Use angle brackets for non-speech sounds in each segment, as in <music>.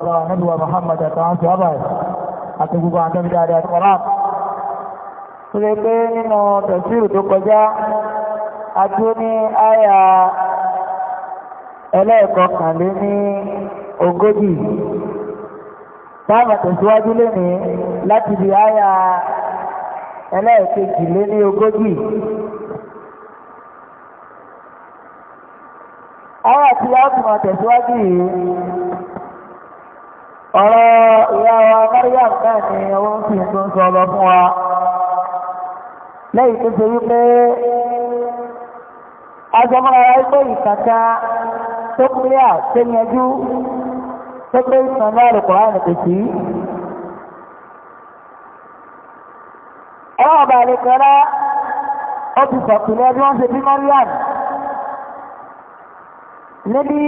ọ̀rọ̀ ànábíwà Muhammad àtàwọn tí a báyìí àti gbogbo àjọ́bí dáadáa tó rán tó lè pé nínú tẹ̀síìrù tó kọjá adó ní àyà ẹlẹ́ẹ̀kọkànlé ní ogójì táwọn tẹ̀síwájú lénìí láti di àyà ẹlẹ́ẹ̀kejì lé ní ogójì àyà tí a tẹ̀síwájú yìí ọ̀rọ̀ ìyá wa Mariam náà ni wọ́n ń sọ fún wa lẹ́yìn tó ṣe wípé ajọmọ́ra ẹgbẹ́ ìkàkà tó kílíà tó yanjú tó pé ìtàn náà lè àrùn lè ó Mariam níbi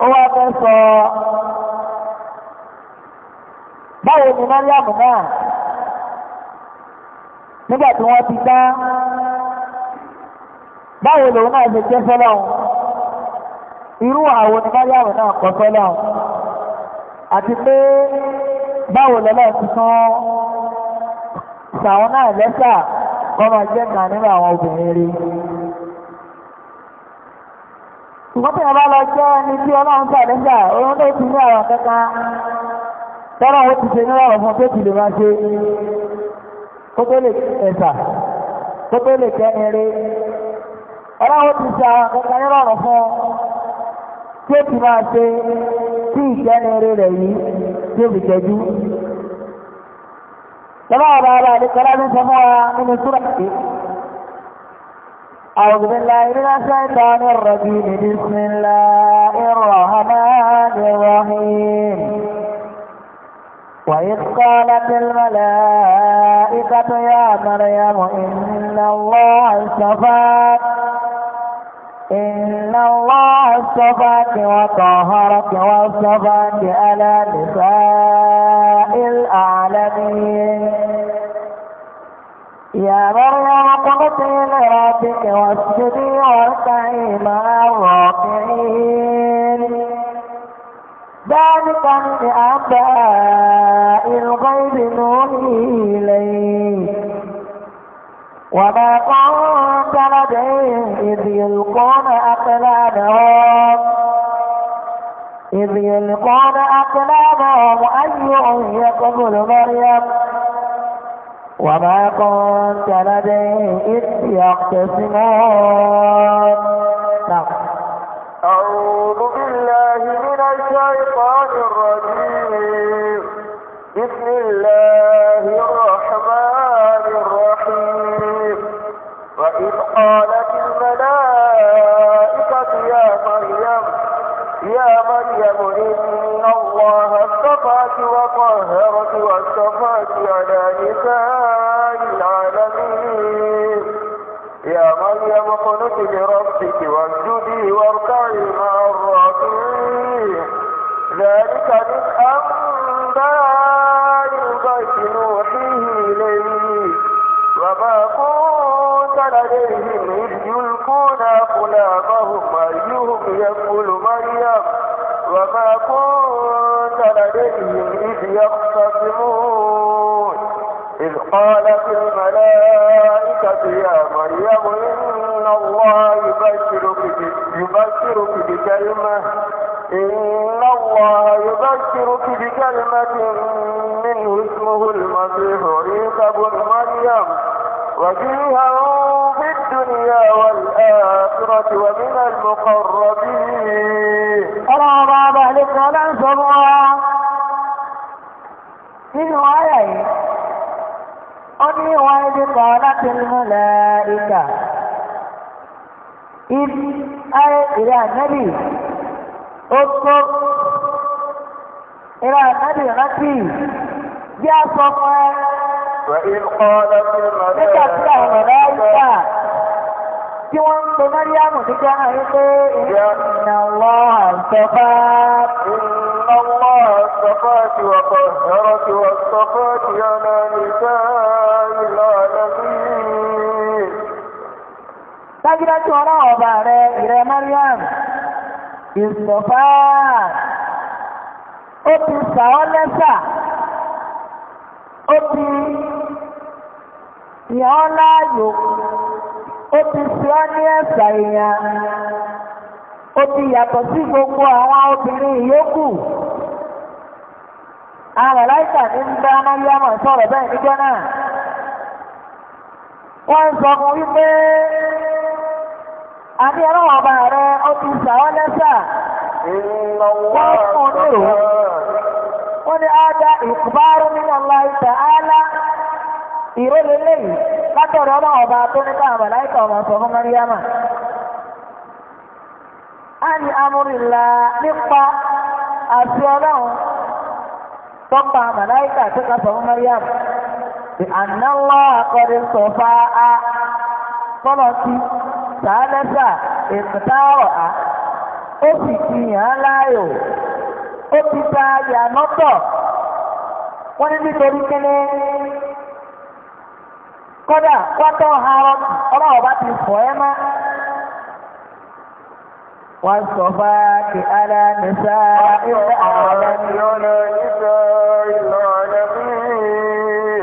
ó wá sọ báwo ni mẹ́ríàmù náà nígbà tí ti dá báwo lòun náà ṣe jẹ́ irú àwọn ni náà kọ́ sọ́lọ́hún àti pé báwo lọ́lọ́ ti tán sàwọn náà lẹ́sà kọ́ jẹ́ kan nínú àwọn obìnrin rí ṣùgbọ́n tí wọ́n bá lọ jẹ́ ẹni tí ọlọ́run tà òun ló ti ní àwọn tọ́rọ ó ti ṣe níwọ̀n fún tó ti lè máa ṣe kó tó lè ẹ̀sà kó tó lè kẹ́ eré ọ̀rọ̀ ó ti ṣe àwọn akẹ́kọ̀ọ́ nírọ̀rùn fún tí ó ti máa ṣe tí ìṣẹ́ni eré rẹ̀ yìí tí fi jẹjú tọ́rọ ọ̀rọ̀ ara rẹ̀ ló sọ wa nínú súrà pé أعوذ بالله من الشيطان الرجيم بسم الله الرحمن الرحيم وإذ قالت الملائكة يا مريم إن الله اصطفاك إن الله اصطفاك وطهرك واصطفاك على نساء العالمين يا مريم اقنطي لربك واسجدي واركعي مع الراكعين سابقا من الغيب نوحي إليه وما كنت لديهم إذ يلقون أقلامهم إذ يلقون أقلامهم أيهم يقبل مريم وما كنت لديهم إذ يقتسمون الشيطان الرجيم بسم الله الرحمن الرحيم وإذ قال من أنباء الغيب نوحيه إليه وما كنت لديهم إذ يلقون أقلامهم أيهم يقول مريم وما كنت لديهم إذ يختصمون إذ قالت الملائكة يا مريم إن الله يبشرك بكلمة إن الله يبشرك بكلمة منه اسمه المسيح عيسى بن مريم وجيها في الدنيا والآخرة ومن المقربين أرى بعض أهل الكلام سبعة nínú ayà أني ó ní الملائكة إذ kan láti múlẹ̀ اذكر ìrà ànábì rántí bí a sọ fún ẹ. nígbà tí àwọn ọ̀rẹ́ ayíká tí wọ́n ń pe mẹ́ríàmù ní jẹ́nà yìí pé ìnà lọ àṣọfá. ìnà lọ àṣọfá ti wà pọ̀ ọ̀rọ̀ ti wà sọ́fọ́ ti ọ̀nà ìṣẹ́ ìlọ àdàbí. dájúdájú ọlọ́wọ́ ọba rẹ ìrẹ mẹ́ríàmù ìṣọ̀fá. ó ti sà ọ́ ti yàn láàyò ó ti sọ ní èèyàn yàtọ̀ sí gbogbo àwọn obìnrin yòókù àwọn aláìsàn ní ń bá mọ́lẹ́mọ̀ sọ̀rọ̀ bẹ́ẹ̀ níjọ́ náà wọ́n sọ fún wípé àbí ẹ̀rọ ọba rẹ̀ wọ́n ní ada ìkúbárù nínú Allah ta'ala ìró látọ̀rọ̀ ọmọ ọba tó ní ká àmàlà ọmọ a ní amúrìlá nípa àti ọlọ́run tọ́pa àmàlà ìkà tó ká sọ ànáwó akọ́dé a tọ́lọ̀ sí sàálẹ́sà èkìtà ọ̀rọ̀ a ó sì fi hàn O ti ya lọtọ, wọ́n ní nítorí ti wọ́n sọ bá ara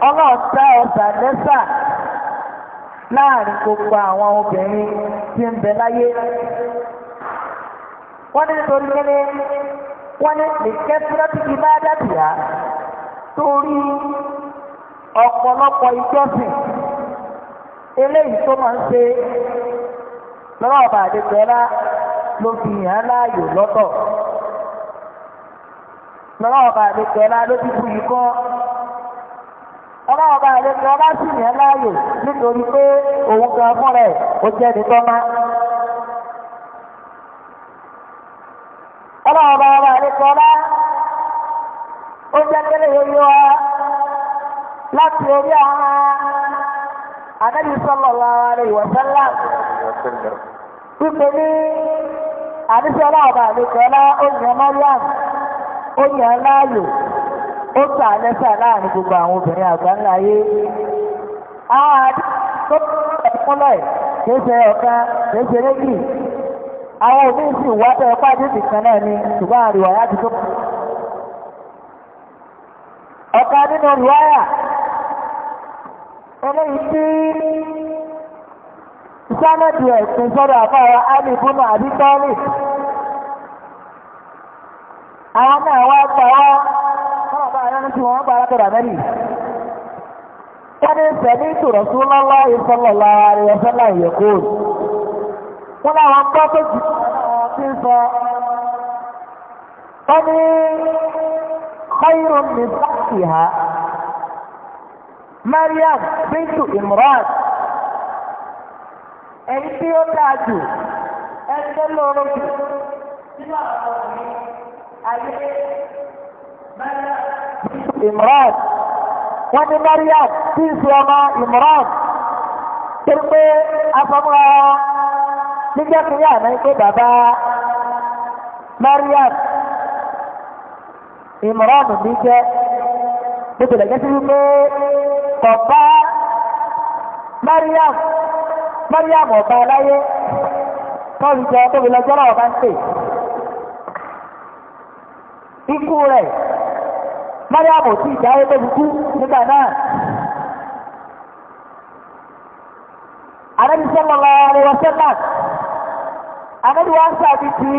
ọlọ́ọ̀ta ọ̀sà láàrin gbogbo àwọn obìnrin tí ń bẹ láyé. wọ́n ní nìkẹ́ fúrẹ́tì ti bá dàbíà torí ọ̀pọ̀lọpọ̀ ìjọsìn eléyìí tó máa ń ṣe lọ́wọ́ ọba àdégbẹ́lá ló fi hàn láàyò lọ́tọ̀ lọ́wọ́ ọba àdégbẹ́lá ló ti bu yìí kọ́ ọlọ́wọ́ ọba àdégbẹ́lá sì hàn láàyò nítorí pé òun gan fúnra ẹ̀ ó jẹ́ nìkan máa. ọlọ́run ọba ọba àlejò ọlá ó jẹ́ kẹ́lẹ́ yẹn yọ ọ láti orí àwọn anábì sallallahu alaihi wa sallam wípé ní àdísọ́ ọlọ́ọ̀bà àlejò ọlá ó yàn Mariam ó yàn láàyò ó tà lẹ́sà láàrin gbogbo àwọn obìnrin àgbà ńlá yé àwọn àdísọ́ ọlọ́ọ̀bà àlejò ọlá kìí ọ̀kan kìí ṣe àwọn òbí sì wá tẹ́ pàdé nìkan náà ni ṣùgbọ́n àríwá ti tó ọ̀kan nínú rìwáyà eléyìí tí sánẹ́dì ẹ̀sìn sọ́dọ̀ àfáwà alìbúnà àbítọ́rì àwọn náà wá gbà wá wọ́n bá yọ́nú tí wọ́n gbà látọ̀dọ̀ mẹ́rì wọ́n ní sẹ́ni wọ́n láwọn pọ́pẹ́jì ti ń sọ wọ́n ní kọ́yìnrún ní sáàkì ha Mariam bintu Imran ẹni tí ó dáa jù ẹni tó lóore jù wọ́n ní Mariam tí ń sọ ọmọ Imran tó pé afọ́mọ́ níjẹ́ kiri àná pé bàbá Mariam Imran mi jẹ́ bó tilẹ̀ jẹ́ sí wípé bàbá Mariam Mariam ọba aláyé tọ́lù jẹ tóbi lọ jọ́lá ọba ń pè ikú rẹ̀ Mariam ò tí ì jáwé tóbi kú nígbà náà. Ànábì sallallahu alaihi wasallam Ànábì wa ń ti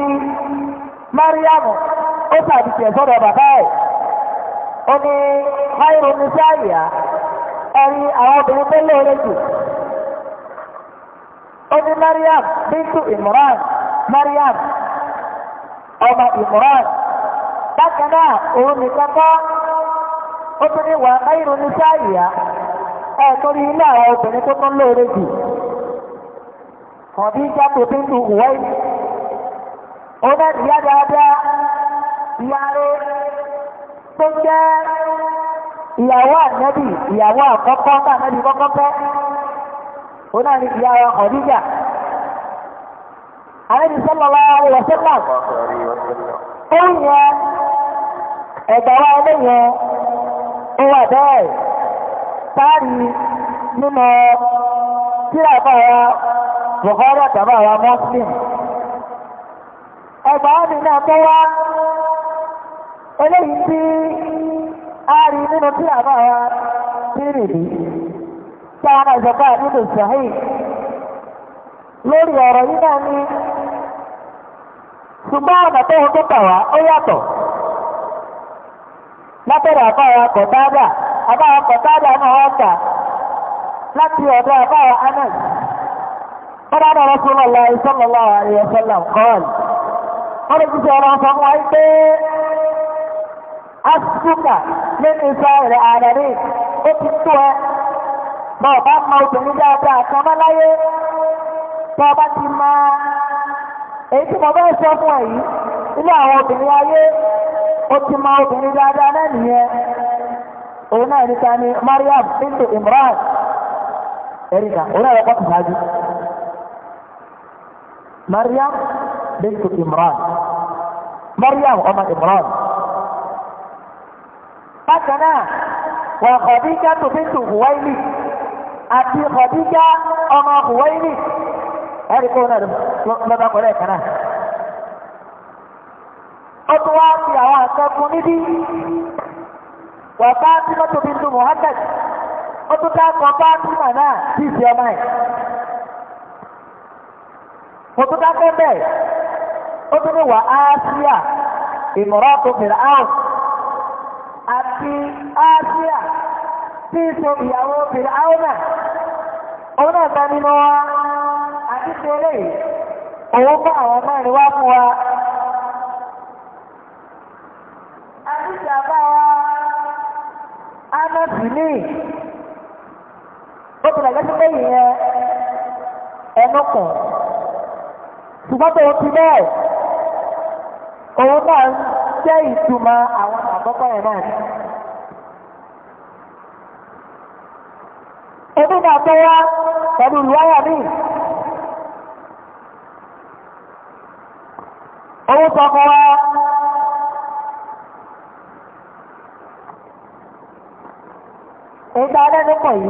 Mariamu ó sàbí ti ẹ̀sọ́dọ̀ bàbá ẹ̀ ó ní Máyìrò ní sáàyà ẹni àwọn obìnrin tó lóore jù ó ní Mariam bíntu Imran Mariam ọmọ Imran bákan náà òun nìkan kọ́ ó tún ní wà Máyìrò ní sáàyà ẹ̀ torí ilé àwọn obìnrin tó lóore jù. Khadija tó bí lu ìwẹ́ yìí. Ó náà ìyá dáadáa, ìyá rẹ̀ tó jẹ́ ìyàwó ànábì, ìyàwó àkọ́kọ́ ká ànábì kọ́kọ́ pẹ́. Ó náà ní ìyá wa Khadija. Ànábì sallallahu alaihi wasallam. Ó yẹ ẹ̀gbà wa ẹlẹ́yẹn ó wà bẹ́ẹ̀. Táàrí nínú tíra bá wa Bukhari àtàwọn àwọn Muslim. Ẹgbà ọ́nì náà tó wá eléyìí tí a rí nínú tí àwọn àwọn tírì bí táwọn àjọpá nínú Sahih lórí ọ̀rọ̀ yìí náà ní ṣùgbọ́n ọ̀nà tó ń tó wá ó yàtọ̀ látọ̀dọ̀ àbáwọn kọ̀tádà àbáwọn kọ̀tádà náà wọ́n kà láti ọ̀dọ̀ قال أنا رسول الله صلى الله عليه وسلم قال قال جزء الله صلى أسفك من إساء العالمين أتبتها bọ́ọ̀bá ma obìnrin dáadáa kan mọ́ láyé bọ́ọ̀bá ti ma èyí tí mo bẹ́ẹ̀ sọ fún ẹ yìí ilé àwọn obìnrin ayé ma obìnrin dáadáa náà nìyẹn òun náà níta ni Mariam bintu Imran erika òun náà rẹ̀ pọ̀ tìṣáájú. Maryam bintu Imran Maryam ọmọ Imran bákan náà wà Khadija bintu Huwaili àti Khadija ọmọ Huwaili ẹ̀rí kó náà lọ́ba kọ́lẹ̀ kena. náà ó tún wá fi àwọn àkẹ́kùn níbí bintu Muhammad ó tún dá kọ́ di náà sí ìsì kò tó dákẹ́ bẹ́ẹ̀ ó tún ní wà áásíà ìmọ̀ràn tó fèrè áwọ̀ àti áásíà tí ìṣe ìyàwó fèrè áwọ̀ náà òun náà bá wa àti tẹ́lẹ̀ òun bá wa. ṣùgbọ́n ti bẹ́ẹ̀ òun náà jẹ́ ìtumọ̀ àwọn àkọ́kọ́ yẹn náà ni. Ebi náà tó wá pẹ̀lú ìwáyà mi. Owó tọkọ wa. Ìgbà lẹ́nu yìí,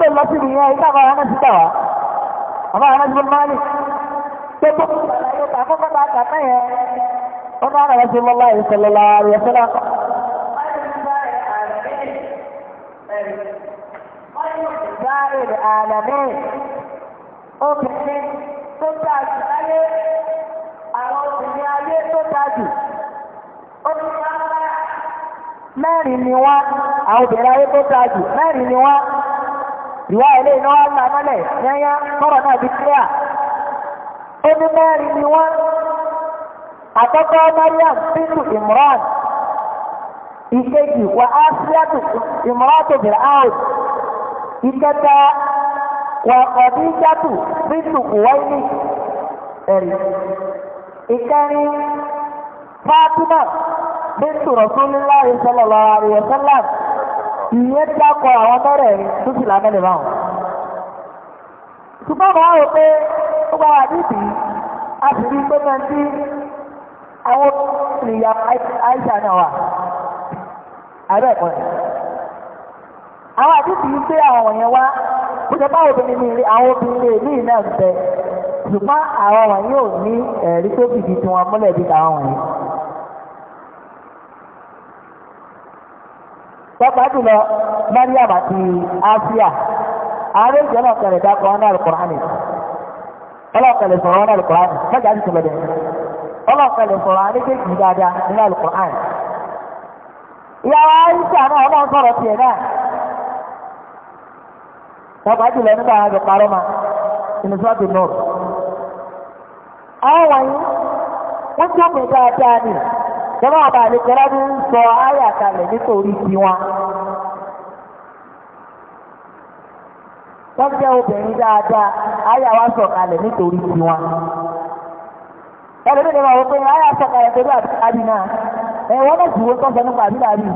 bẹ́ẹ̀ lọ sí ìyẹn ìgbà àwọn ọmọ ti mẹ́rin ni àwọn obìnrin ayé tó mẹ́rin ni ìwà ilé iná wa là mọ́lẹ̀ yányá kọ́rọ̀ náà di kíá ó mẹ́rin ni wọ́n àkọ́kọ́ Mariam bínú Imran ìkejì wà á síyàtò Imran tó bẹ̀rẹ̀ áwò ìkẹta wà ọ̀dí ìjàtò bínú Kuwaini ẹ̀rí ìkẹrin Fatima bínú Rasulillah sallallahu alaihi wasallam. ìyẹn dákọ̀ àwọn tọ́rẹ̀ tó sì lábẹ́lẹ̀ báwọn ṣùgbọ́n máa rò pé ó bá wà níbi a sì rí pé náà tí àwọn ìyá àìsà náà wà àbẹ́ ẹ̀kọ́ rẹ̀ àwọn àdìsí yìí pé àwọn wọ̀nyẹn wá bó ṣe báwo obìnrin ní ilé àwọn obìnrin lè ní ìnáà ń bẹ ṣùgbọ́n àwọn wọ̀nyẹn ò ní ẹ̀rí tó fìdí tiwọn múlẹ̀ bí àwọn wọ̀nyẹn. pàápàá jùlọ mariam àti asia ààrẹ ìjọ náà kẹrẹ dákọ ọ alukurani sọ̀rọ̀ ọ̀nà alukurani mẹ́jà ti tẹ̀lẹ̀ dẹ̀ sọ̀rọ̀ àdékèjì dáadáa nínú alukurani ìyàwó aisha náà ọ̀nà sọ̀rọ̀ tiẹ̀ náà pàápàá nígbà àjọ parọ́ ma ìnùsọ́ọ̀dù àwọn wọ̀nyí wọ́n ti ọ̀pẹ̀ dáadáa jọba ọba àlekọlá bí ń sọ ayà kalẹ̀ nítorí tiwọn. wọ́n jẹ́ obìnrin dáadáa ayà wa sọ kalẹ̀ nítorí tiwọn. ẹlẹ́dẹ̀ẹ́dẹ́ máa wọ pé ayà sọ kalẹ̀ torí àbínà ẹ̀ wọ́n náà jùwọ́ sọ́sọ́ nípa àbínà rí.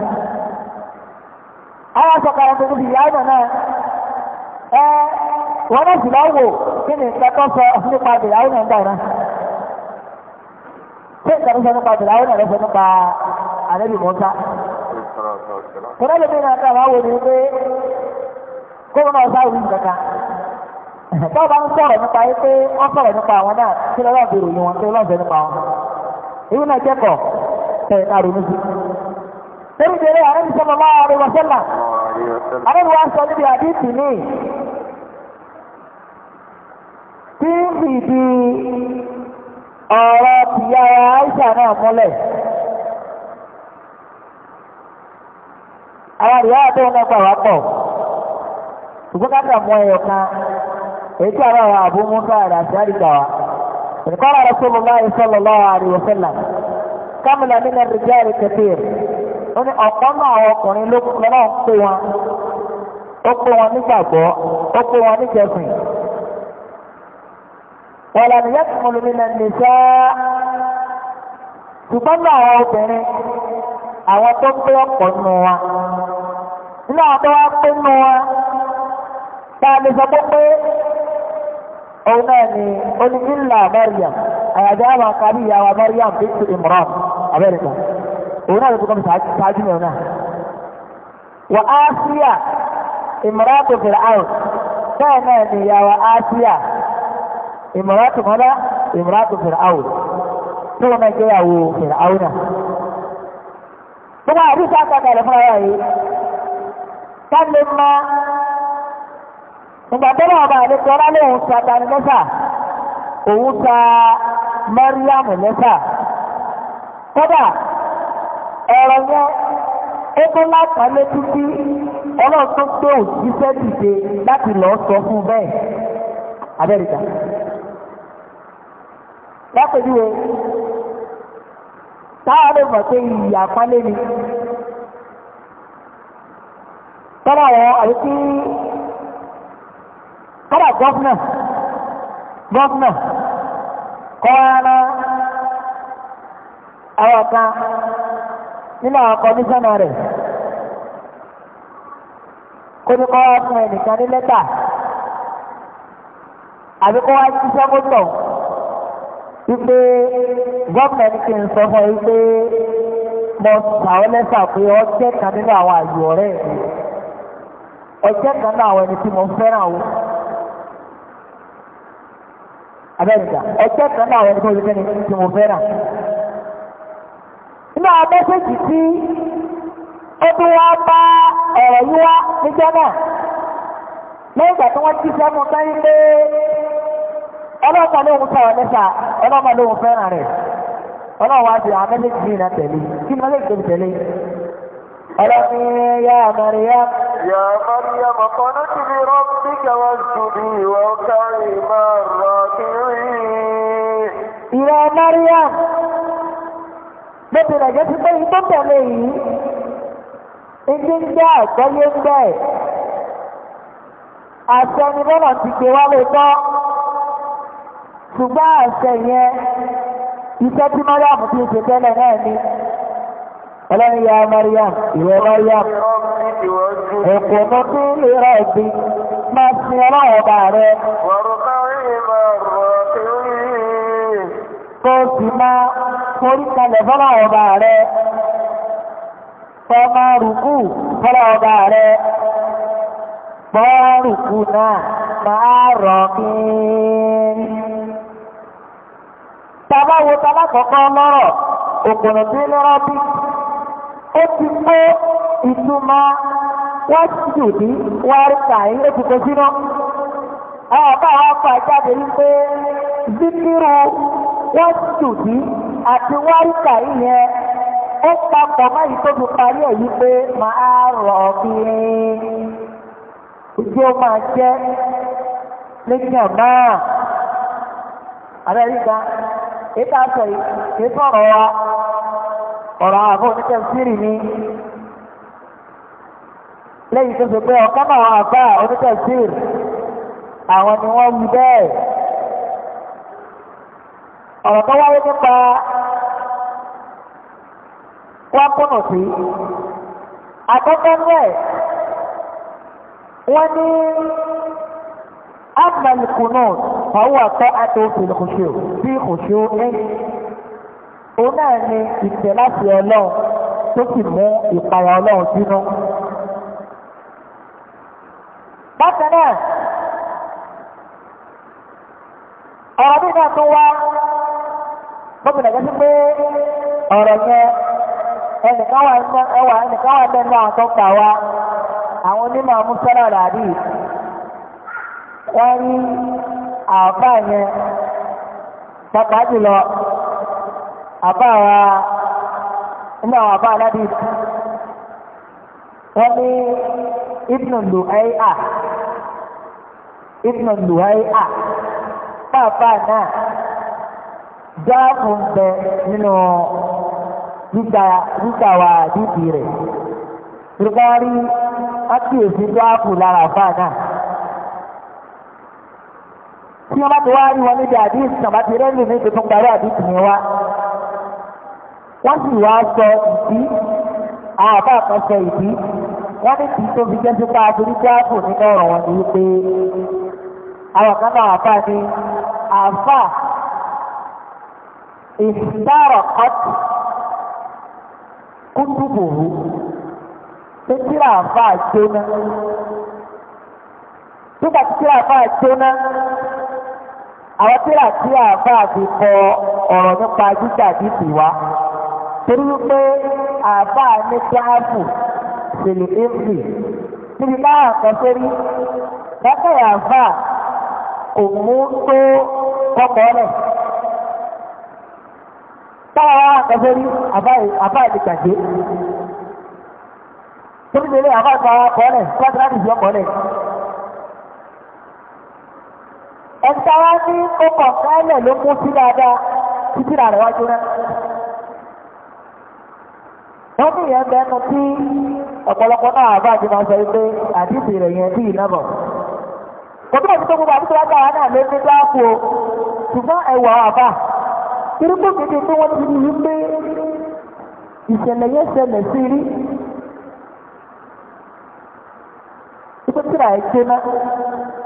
ayà sọ kalẹ̀ torí ìyá ọ̀nà náà ẹ̀ wọ́n náà jùlọ wò kí ni nípa náà ṣé nǹkan tó sọ nípa ìdílé àwọn ọ̀rẹ́ sọ nípa àlẹ́bí mọ́tà. tọ́lá lè mìíràn ká wàá wò ní pé kó wọn náà sáwùú kankan. tó bá ń sọ̀rọ̀ nípa yìí pé wọ́n sọ̀rọ̀ nípa àwọn náà kí lọ́wọ́ bèrè yìí wọn kí lọ́wọ́ fẹ́ nípa wọn. ìwé náà kẹ́kọ̀ọ́ tẹ̀ ká ronú sí. torí ìdílé àrẹ́ mi sọ́mọ́ máa rẹ̀ wọ́n sẹ́là. àrẹ́ mi wá sọ níbi àdìsí ní tí ń fìdí ọ̀rọ̀ tìyá Aisha náà mọ́lẹ̀. àwọn àríyá àti ọ̀nà ẹ̀kọ́ àwọn pọ̀ ṣùgbọ́n káàkiri àmọ́ ẹ̀yọ kan èyí tí àwọn àwọn àbúmú káàrà àti àríkà wa ìkọ́lá rẹ̀ sọ́lọ́ láì sọ́lọ́ lọ́wọ́ àríwọ̀sẹ́là kámìlà nínú ẹ̀rìjẹ́ rẹ̀ kẹfẹ́ ó ní ọ̀pọ̀ náà àwọn ọkùnrin lọ́wọ́ ń pè wọn ó pè wọn nígbàgbọ́ ó pè wọn níjẹsìn wọ́n lẹ́nu yẹ́ tìmọ̀ lómi lẹ́nu nìṣẹ́ ṣùgbọ́n ní àwọn obìnrin àwọn tó pé ọ̀pọ̀ nù wa nínú àwọn tó wá pé nù wa tá a lè sọ pé pé òun náà ni ó ní ìlà Maryam àyàjẹ́ àwọn akábí ìyá wa Maryam bí tu Imran Amẹ́ríkà òun náà ló tó kọ́ ṣáájú mi náà wà á síyà Imran tó fèrè àrùn bẹ́ẹ̀ náà ni ìyá á síyà ìmọ̀ràtù mọ́lá ìmọ̀ràtù fìràwù tó wọn náà gbéyàwó fìràwù náà. gbogbo àdúgbò àkàkà rẹ̀ fúnra yìí sáńdé mọ́ ìgbà tó náà bá àlè tọ́lá lóhùn sàtàn lẹ́sà òun sa mẹ́ríàmù lẹ́sà kódà ọ̀rọ̀ yẹn ẹgbẹ́ láta létí tí ọlọ́run tó gbé òjíṣẹ́ dìde láti lọ́ọ́ sọ fún bẹ́ẹ̀ abẹ́rẹ́ta lápẹjúwe táwọn lè mọ̀ pé ìyà pálé ni tọ́lá àwọn àyíkí kọ́dà gọ́fúnà gọ́fúnà kọ́ra àwọn kan nínú àwọn kọmíṣánná rẹ̀ kó ní kọ́ra fún ẹnìkan ní lẹ́tà àbí kó wá ṣiṣẹ́ mọ́tò. wípé gọ́ọ̀mẹ̀ntì ti ń sọ fún wípé mo ta lẹ́sà pé ọjẹ́ kan nínú àwọn àyò ọ̀rẹ́ mi ọjẹ́ kan nínú àwọn ẹni tí mo fẹ́ràn o abẹ́rẹ́dà ọjẹ́ kan nínú àwọn ẹni tí mo fẹ́ràn nínú àwọn mẹ́sẹ̀jì tí ó bá ọ̀rọ̀ yíwá níjọ́ náà lẹ́yìn ìgbà tí wọ́n ọlọ́ọ̀ta lóhun sọ̀rọ̀ nípa ọlọ́ọ̀ma lóhun fẹ́ràn rẹ̀ ọlọ́ọ̀wá ti àwọn méjèèjì yìí náà tẹ̀lé kí ni méjèèjì tó tẹ̀lé. ọlọ́ọ̀ni yá Maryam. yá Maryam mọ̀kànnà ti fi rọ́ọ̀bì kẹwàá ṣubí ìwọ kárí máa rọ kiri. ìrọ̀ Maryam bẹ́ẹ̀ rẹ̀ jẹ́ yìí ibi ń jẹ́ àgbọ́yé ń bẹ́ẹ̀ àṣẹ ni bọ́lá ti gbé wá lóòótọ́ ṣùgbọ́n àṣẹ yẹn iṣẹ́ tí Mariam ti ṣe tẹ́lẹ̀ náà ni ọlọ́run ya Mariam ìwọ Mariam ẹ̀kọ́ mọ́ tó lè rà ẹ̀bí máa sin ọlọ́run ọba rẹ̀ kó o sì máa forí kalẹ̀ fọ́lọ́run ọba rẹ̀ kọ́ rùkú fọ́lọ́run ọba rẹ̀ bọ́ọ̀rùkú náà máa rọ̀ kí. tàbá wo tàbá kọ̀ọ̀kan lọ́rọ̀ òkùnrin tí lọ́rọ̀ bí ó ti kó ìtumọ̀ wọ́n jù ní wárìkà yìí ó ti kó sínú. àwọn bá wọn fà jáde zikiru wọ́n jù ní àti wárìkà yìí yẹn ó papọ̀ tó fi parí ẹ̀ ètò àṣẹ ètò ọ̀rọ̀ wa ọ̀rọ̀ àwọn oníṣẹ́ sírì ni lẹ́yìn tó ṣe pé ọ̀kan náà wọn àgbà oníṣẹ́ sírì àwọn ni wọ́n wí bẹ́ẹ̀ ọ̀rọ̀ tó wáyé nípa wọ́n sí àkọ́kọ́ rẹ̀ wọ́n ní. أما القنوت فهو طاعة في الخشوع في خشوع òun náà ni ìtẹ̀ láti ọlọ́run tó sì mú ìpayà ọlọ́run sínú. bákan náà ọ̀rọ̀ bí náà tó wá gómìnà gẹ́gẹ́ pé ọ̀rọ̀ yẹn ẹnìkan wà ẹnìkan wà bẹ́ẹ̀ ní àwọn tó kà wá àwọn onímọ̀ amúsọ́lá ràdíì. wọ́n rí àáfà yẹn pápá jùlọ àbá wa nínú àwọn àbá aládìí wọ́n ní ibnu luhai'a ibnu luhai'a pápá náà jáàpù bẹ nínú gbígbà wa dídì rẹ̀ rúbárí á kìí lára àbá náà. tí wọ́n bá ti wá rí wọn níbi àdìsí náà bá ti rẹ́lì ní tuntun gbàrú àdìsí yẹn wá wọ́n sì wá sọ ìdí àbá kan sọ ìdí wọ́n ní kí tó fi jẹ́ sí pa àti onígbàbò nínú ọ̀rọ̀ wọn ni wípé àwọn kan náà àfà ni àfà ìsárọ̀ kọ́tù kúndùbòrò pé àwọn tíra tí àáfàá fi kọ ọ̀rọ̀ nípa jíjà dìtì wá torí wípé àáfàá ní kíáàfù ṣèlè éfì níbi náà kan sórí bákan àáfàá kò mú tó kọkọ rẹ̀ táwọn akọ̀sẹ́rí àbá ìdíkàjé torí lélẹ̀ àbá ìpàwọ̀ kọ́ọ̀lẹ̀ kọ́ọ̀lẹ̀ ìjọ kọ́ọ̀lẹ̀ ẹ̀ta wá ní ó kàn sáálẹ̀ ló mú sí dáadáa títí rà rẹ̀ wájú rẹ̀. wọ́n ní ìyẹn bẹ́ẹ̀ nu tí ọ̀pọ̀lọpọ̀ náà àbá àti máa sọ pé àdìsí rẹ̀ yẹn bí ìnábọ̀. kò tó ti tó gbogbo àdìsí wájú àwọn náà lé ní dáàpò ṣùgbọ́n ẹ̀wà àbá irúgbó gidi tí wọ́n ti rí wípé ìṣẹ̀lẹ̀ yẹn ṣẹlẹ̀ sí rí Ibi tí àyè ké ná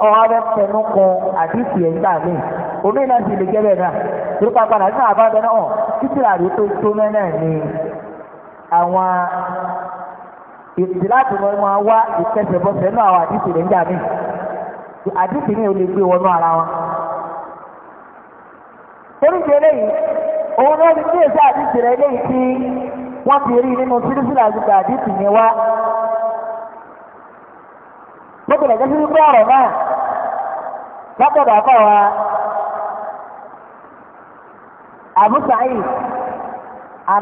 ọ̀hún abẹ́ tẹnu kan àdìsí ẹ̀ gbà mí. Omi náà lè náà. padà sí àbá bẹ́ẹ̀ náà hàn títí tó tó ni àwọn ìtìláàtì wọn máa wá ìkẹsẹ̀bọsẹ̀ náà àwọn ndị amị gbà mí. lọ́gbọ̀dọ̀ jẹ́ sí pé ọ̀rọ̀ náà lọ́gbọ̀dọ̀ ọkọ̀ wa Abu Sa'id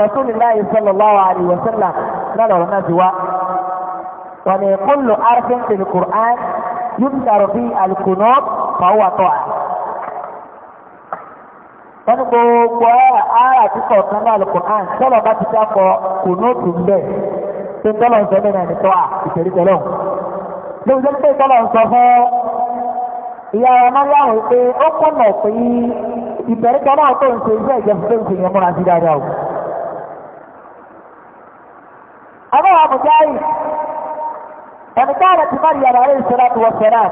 Rasulullah sallallahu alaihi wa sallam náà lọ́rọ̀ náà ti wá wọ́n ní kullu arfin fil Qur'an yusdaru fi al-qunut fa huwa ta'a wọ́n ní gbogbo ara ti sọ̀rọ̀ kan náà al-Qur'an sọ́lọ̀ bá ti dákọ̀ kùnú tù ń bẹ̀ ṣe ń tọ́lọ̀ ń sọ ló ń jẹ́ pé tọ́lọ̀ ń sọ fún ìyá ara mọ́láhùn pé ó pọ̀nà pé ìbẹ̀rẹ̀ tọ́lọ̀ tó ń ṣe iṣẹ́ ìjẹun tó ń ṣe yẹn múra sí dáadáa o. Àwọn àmùjáì ẹni káàdà ti máa yàrá rẹ̀ ìṣẹ́lá tó wọ́n ṣẹlá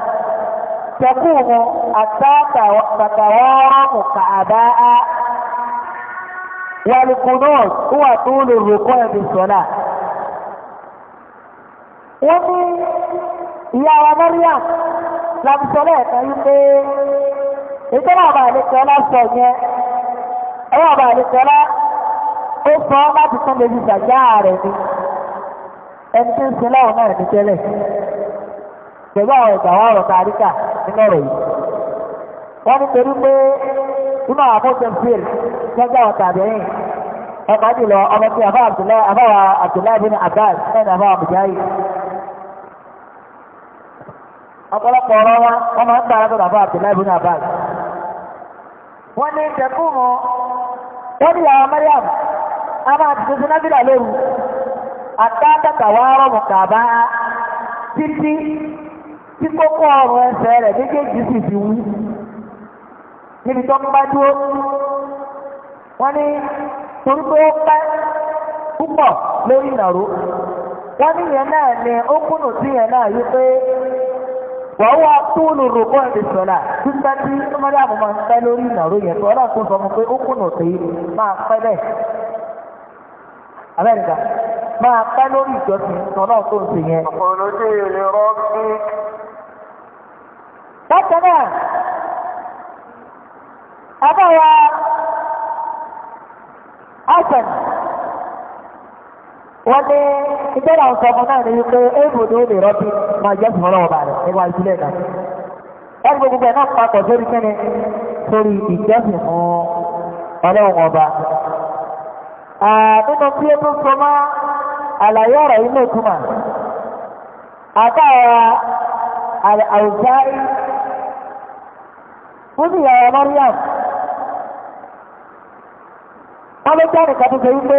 tẹkùnù àtàtàwọ́rọ̀mù kàdá á wàlùkùnú wà tó lè rò kọ́ ẹ̀mí sọ́lá. Wọ́n ní ìyá wa mẹ́ríà làbùsọ̀ lẹ́ẹ̀kan yí pé ètò àbà àlekọ́lá sọ yẹn ẹ̀rọ àbà àlekọ́lá ó sọ láti tún lè fi gbàgbá rẹ̀ ni ẹni tí ń sin láwọn náà ní tẹ́lẹ̀ pẹ̀lú àwọn ìgbà wọn ọ̀rọ̀ kàríkà nínú ọ̀rọ̀ yìí wọ́n ní torí pé inú àwọn akọ́jọ́ fíìl sọ́jà àwọn tàbí ẹ̀yìn ẹ̀ka jùlọ ọmọ tí àbáwá Abdullahi bin Abbas ẹ̀ka àbáwá Mujahid ọ̀pọ̀lọpọ̀ ọ̀rọ̀ wa wọ́n máa ń gbà látọ̀ bàbá na bin Abbas. wọ́n ní wọ́n ní ìyàwó Mariam a máa ti tuntun nábìlà lóru àtàkàtà wa rọ̀mù kàbá títí tí kókó ọrùn ẹsẹ̀ rẹ̀ méjèèjì sì fi wú níbi tó ń bá dúró wọ́n ní torí pé ó pẹ́ púpọ̀ lórí ìnàró wọ́n ní ìyẹn náà wọ́n wá túlù rògbọ́ ìsọ̀lá títà tí mọ́dàmù máa ń pẹ́ lórí ìnàró yẹn tó ọlọ́run tó sọ fún pé ó kùnà sí máa pẹ́ bẹ́ẹ̀ amẹ́ríkà máa pẹ́ lórí ìjọsìn tọ́nà tó ń sè yẹn. ọ̀pọ̀lọpọ̀ ìlú rọ́ọ̀kì. bákan náà abáwa ọ̀sẹ̀ wọ́n ní ìjọba ń sọ fún náà ní wípé éèbù ni ó lè rọ́bí máa jẹ́ sùn ọlọ́wọ́ bàrẹ̀ nípa ìdílé náà. wọ́n ní gbogbo ẹ̀ náà papọ̀ sórí kíni sórí ìjọsìn fún ọlọ́wọ́ ọba. nínú tí ó tún so mọ́ àlàyé ọ̀rọ̀ yìí ló túmọ̀ àtàwọn àwùjárí fún ìyàwó Mariam wọ́n ló jẹ́ nìkan wípé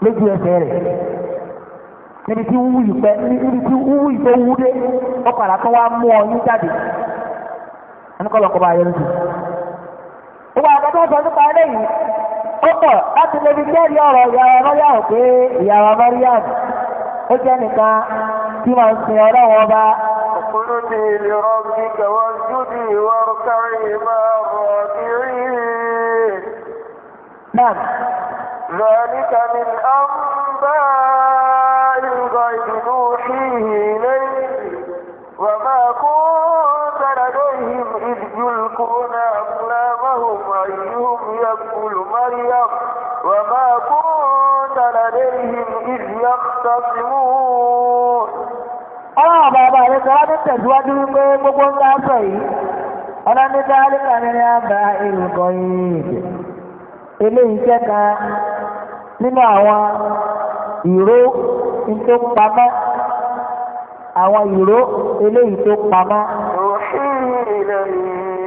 lójú ẹsẹ̀ rẹ̀ níbi tí wúwú ìpẹ́ níbi tí wúwú ìpẹ́ wú dé wá mú ọ yín jáde ẹnikọ́lọ́kọ́ bá yẹn dùn. Gbogbo àwọn tó sọ nípa eléyìí ó pọ̀ láti lè fi ọ̀rọ̀ ìyàwó pé ìyàwó ó jẹ́ nìkan tí wọ́n ọba. lè júdì wọ́n máa rọ̀ ذلك من أنباء الغيب نوحيه إليك وما كنت لديهم إذ يلقون أقلامهم أيهم يقول مريم وما كنت لديهم إذ يختصمون أنا بابا لك هذا التزواج gbogbo ńlá sọ yìí ọlọ́ni dáríkà ní ní àbá ìlú kan nínú àwọn ìró tó pamọ́ àwọn ìró eléyìí tó pamọ́.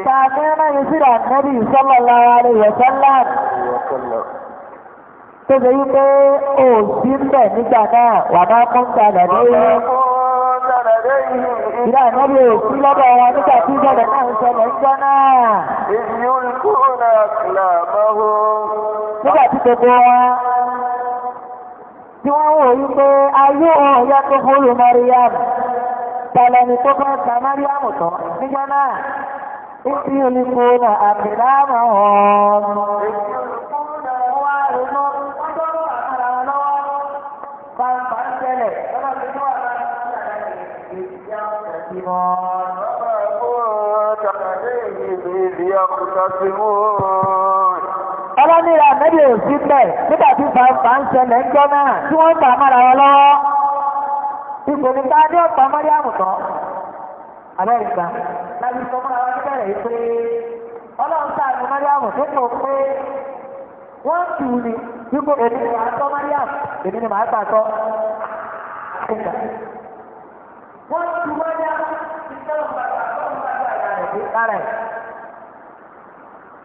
Tàbí mẹ́rin sí ànábì sallallahu alaihi wasallam. Tó ṣe yí pé ó sí ń bẹ̀ nígbà náà wà máa kún tàdà Ìyá ànábì òsí lọ́dọ̀ wọn nígbà tí ìjọba náà ń ṣẹlẹ̀ ń gbọ́ náà. Èyí ò ní kúrò náà kìlà àbáwò. Nígbà tí gbogbo wọn tí wọ́n wò yí pé ayé òun yẹ kó fúru Mariam. Tàlẹ́ni tó fẹ́ ta Mariam tán níjọ́ náà. Ìdí kúrò náà àbìlá àmọ́ wọn. Èyí ò ní kúrò náà wá inú وما كنت ọlọ́nira mẹ́bí ò sí bẹ̀ nígbà tí fàǹfà ń ṣẹlẹ̀ ń jọ náà tí wọ́n gbà mára wọn lọ́wọ́ ìgbòmí bá ní ọ̀pá mọ́rí àmùtọ́ amẹ́ríkà láti sọ mára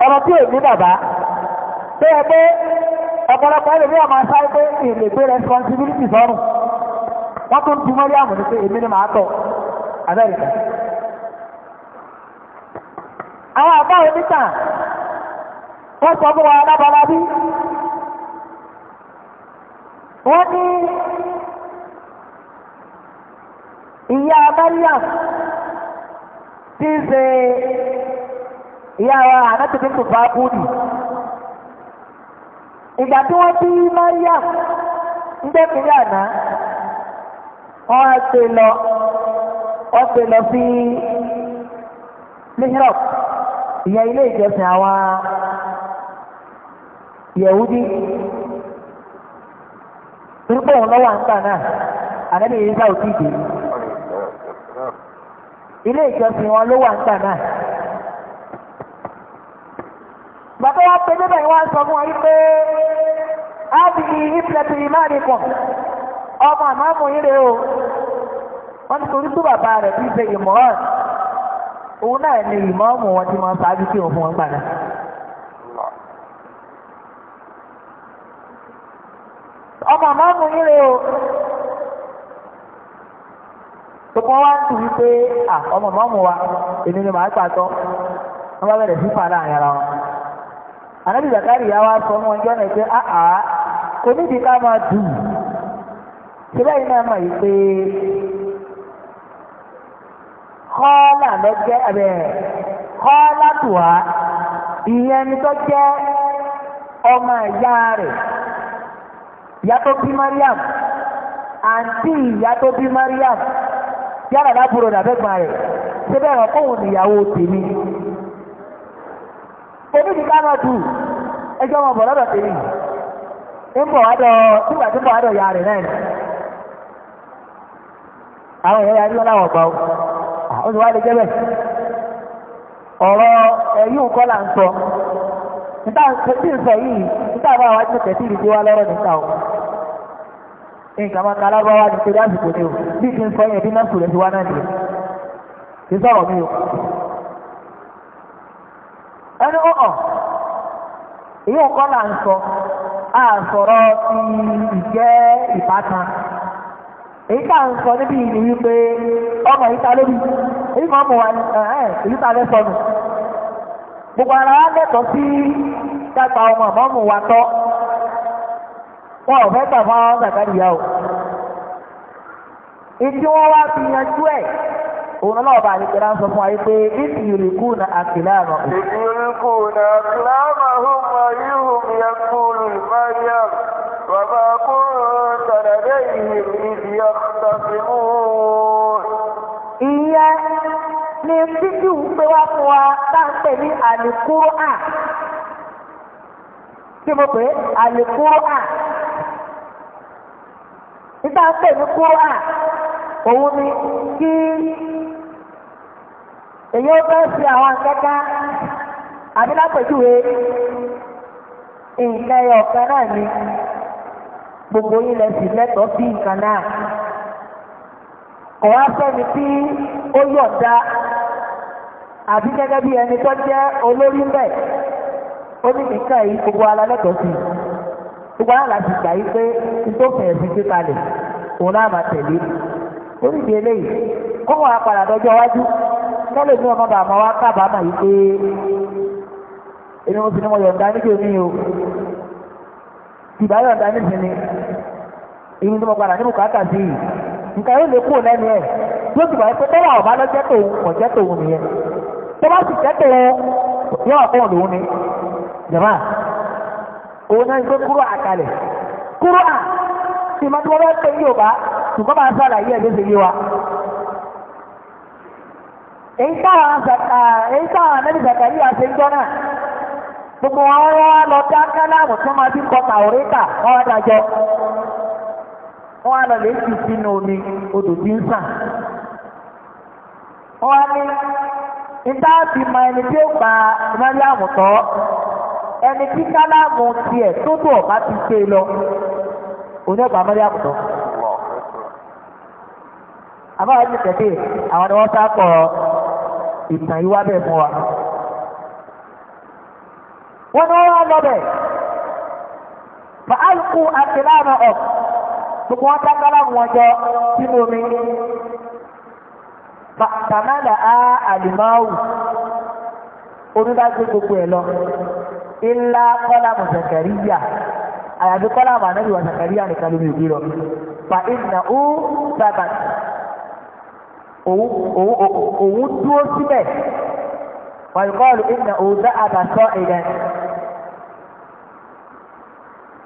ọmọ tí èmi bàbá tó yẹ pé ọ̀pọ̀lọpọ̀ ẹlòmíà máa sáré pé èlè gbé responsibility sọ́rùn wọ́n tún ti mọ́rí àmọ̀ ní pé èmi ni màá tọ̀ Amẹ́ríkà. àwọn àbá oníta wọ́n sọ fún wa wọ́n ní ìyá Mariam tí ń ṣe ìyá wa ànátìbí tó bá kú nì. ìgbà tí wọ́n bí Mariam ń dẹ́kùnrin àná wọ́n á ṣe lọ wọ́n ṣe lọ sí mihrab ìyá ilé ìjọsìn àwọn Yahudi torí òun lọ́wọ́ àǹtà náà ànábìyí tí ilé ìjọsìn wọn ló wà ń gbà náà. bàbá wa pé bíbẹ̀ yìí wá sọ fún wọn wípé ábìyí ìfìlẹ̀tì ìmáàdì kan ọmọ àmàmù yìí rè o wọ́n ti torí tó bàbá rẹ̀ bí ṣe ìmọ̀ràn òun náà ni ìmọ̀ọ́mù wọn ti máa ṣáájú kí òun fún wọn gbà náà. ọmọ àmàmù yìí rè o tọkọ wa ń tù wípé à ọmọ mọ́mù wa èmi ni màá gbàtọ́ wọ́n bá bẹ̀rẹ̀ sí fàlà àyàrá wọn. ànábì zakari yà wá sọ fún ọjọ́ náà pé àà kò nídìí ká máa dùn síbẹ̀ yìí náà mọ̀ yìí pé kọ́ọ́là lọ jẹ́ ẹ̀bẹ̀ kọ́ọ́là tù wá ìyẹn ni tó jẹ́ ọmọ ìyá rẹ̀ ìyá tó bí Mariam àǹtí ìyá tó bí Mariam. yálà lábúrò dàbẹ́gbọ̀n rẹ̀ ṣé bẹ́ẹ̀ rọ̀ kóhùn níyàwó tèmi oníbi kánà dù ẹjọ́ wọn bọ̀ lọ́dọ̀ tèmi ń bọ̀ wádọ̀ nígbà tí ń bọ̀ wádọ̀ ya rẹ̀ náà àwọn èèyàn yarí wọn gbà ó ó ti wá lè jẹ́ ọ̀rọ̀ ẹ̀yìn nǹkan là ń sọ tí ń sọ nǹkan máa ka alábáwá ní torí àsìkò ni o bí kí n sọ yẹn bí náà sùrẹ́ ti wá náà nìyẹn kì sọ̀rọ̀ mi o. ẹni ó hàn èyí ò kọ́ là ń sọ á sọ̀rọ̀ ti ìjẹ́ ìbátan èyí tá à sọ níbí ni wípé ọmọ yìí ta èyí wọn ò fẹ́ tà fún zakariya o ìdí wọn wá fi yanjú ẹ òun náà bá ní kíláà sọ fún wa yìí pé ìdí ìrìkú na àkìlá àmà òun. ìdí ìrìkú na àkìlá àmà òun mà yíhù yẹ kúrú ìmáyà bàbá kúrú tàdàdé ìhìn ìdí ọ̀tàfimú. ìyẹn ni fídíò pé wá fún wa tá ń pè ní àlìkúrò à kí mo pè é àlìkúrò à. nígbà pè ní kúrọ́à òun ni kí èyí ó fẹ́ ṣe àwọn akẹ́kẹ́ àbí nǹkan ẹyọ ọ̀kan náà ni gbogbo yín lẹ sì lẹ́tọ̀ọ́ sí nǹkan náà kò tí ó yọ̀ǹda àbí gẹ́gẹ́ bí ẹni tó jẹ́ olórí mbẹ́ ó ní gbogbo àwọn láti gbà yí pé nítòsí ẹ̀sìn kíkalẹ̀ òun náà máa tẹ̀lé oríṣi eléyìí kọ́wọ́ apàdà dọ́jọ́ wájú ní ọmọ bàbá wa yí pé yọ̀ǹda níbi omi o ìbá yọ̀ǹda ìrìn tó padà ní bùkátà sí i nǹkan yóò lè kúrò lẹ́nu ẹ̀ tí ó ti wáyé pé tọ́wọ́ ọ̀bá lọ́jẹ́ tòun kò jẹ́ tòun nìyẹn sì jẹ́ tòun òun náà ń gbé kúrò àkàlẹ̀ kúrò à tí ma tí wọ́n bá pè ní yorùbá ṣùgbọ́n máa ṣàlàyé ẹ̀ lóṣèlú wa. èyí táwọn èyí táwọn anẹ́bí zakari àti ìjọ náà gbogbo wọn wá lọ dá kálámù tí wọ́n máa fi kọ kàwérétà wọ́n wá dájọ́ wọ́n wá lọ lè fi sínú omi odò tí ń sàn. wọ́n wá ní ìta fi mọ ẹni tí ó gba ìmọ̀lẹ́ àmùtọ́ ẹni tí kálámù tiẹ̀ tó tó ọ̀bá ti ṣe lọ onígbà mọ́lẹ́ àbùtọ́. àbáwá ti tẹ̀sí àwọn ni wọ́n sá pọ̀ ìtàn ìwá bẹ́ẹ̀ fún wa. wọ́n ní wọ́n wá lọ bẹ̀ fàálùkù àti láàmú ọ̀ gbogbo wọn tá wọn jọ sínú omi tàmánà á àlùmáwù onídàájú gbogbo ẹ̀ lọ ilá kọ́lá mu zakariya àyàfi kọ́lá mu anabi wa zakariya nìkan ló ní òbí lọ fa ìnà ó bàbà òun dúró síbẹ̀ wọ́n kọ́ọ̀lù ìnà ó dá àbàtọ́ ìdẹ.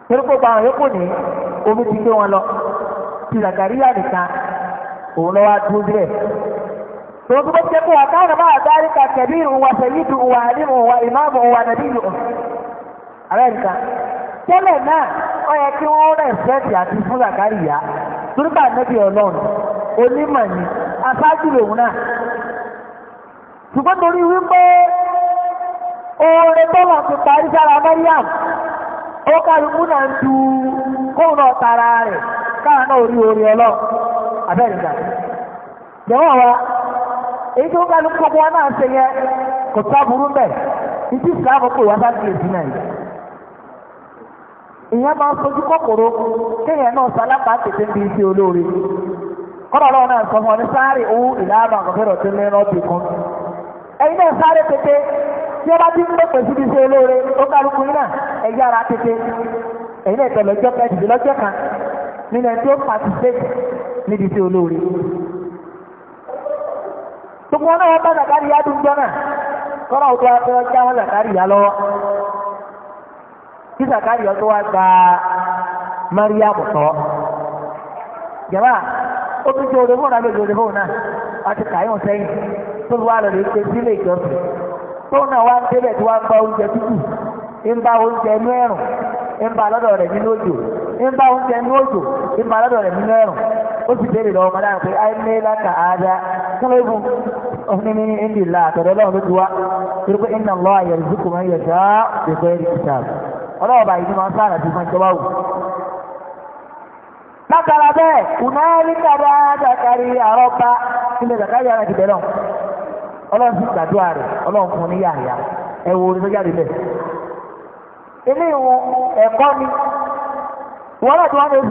torí gbogbo àwọn yòókù ní omi ti gbé wọn lọ ti zakariya nìkan òun lọ́wọ́ dúró síbẹ̀ gbogbo gbogbo jẹ́ pé wà káàdà máa dárí ka kẹ̀bí ìrùwà sẹ̀yí ìrùwà àlímù ìwà ìmáàmù ìwà nàbí ìrùwà. Amẹ́ríkà tẹ́lẹ̀ náà ó yẹ kí wọ́n ati àti fún Zakariya turba nẹ́bí ọlọ́run onímọ̀ ni aṣáájú lòun náà ṣùgbọ́n torí wípé oore tọ́lọ̀ ti parí sára Mariam ó kálukú náà ń kóun náà tara rẹ̀ káà náà orí orí ọlọ́run Amẹ́ríkà jẹ́wọ́n wa èyí tó kálukú wọn náà ṣe yẹ kò bẹ́ẹ̀ ìdí ìsìlámù ìyẹn máa ń sojú kòkòrò kéèyàn náà sálábà tètè ń di iṣẹ́ olóore kọ́nà náà sọ fún ọ ní sáré owó ìlànà àkọ́fẹ́rọ̀ tó ní ẹ̀yin náà sáré tètè tí ó bá ti ń pèpè síbi iṣẹ́ olóore ó kálukú yín náà tètè ẹ̀yin náà tẹ̀lé ọjọ́ kan nínú ẹni níbi iṣẹ́ olóore gbogbo náà wọ́n bá zakari yá dùn jọ náà kí zakari ọtún wá gba mariam tọ́ jàmbá ó tún jẹ́ òdòfóònù àbí òdòfóònù náà wọ́n ti kàyọ̀ sẹ́yìn tó wà lọ́dọ̀ ìpè sílé ìjọsìn tóun náà wá ń débẹ̀ tí wá ń bá oúnjẹ tútù ń bá oúnjẹ inú ẹ̀rùn ń bá lọ́dọ̀ rẹ̀ nínú òjò ń bá oúnjẹ inú òjò ń bá lọ́dọ̀ rẹ̀ nínú ẹ̀rùn ó sì béèrè lọ́wọ́ ọmọdé àti àìní láta àádá kílódé fún ọ̀fun ní ìdílà àtọ̀dọ̀ lọ́wọ́ ló ti wá pé iná lọ́wọ́ àyẹ̀rẹ̀ zùkùmọ̀ yẹ̀ sáà ọlọ́ọ̀bà yìí ni wọ́n sára ti fún ìjọba wù. bẹ́ẹ̀ kùnáàrí kàdá zakari àrọ́bá ilẹ̀ zakari ara ti bẹ̀rẹ̀ ọlọ́run sì gbàdúrà rẹ̀ ọlọ́run fún ẹ wo orí sójà níbẹ̀. ilé ìwọ̀n ẹ̀kọ́ ká wọ́n ní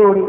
olóore ká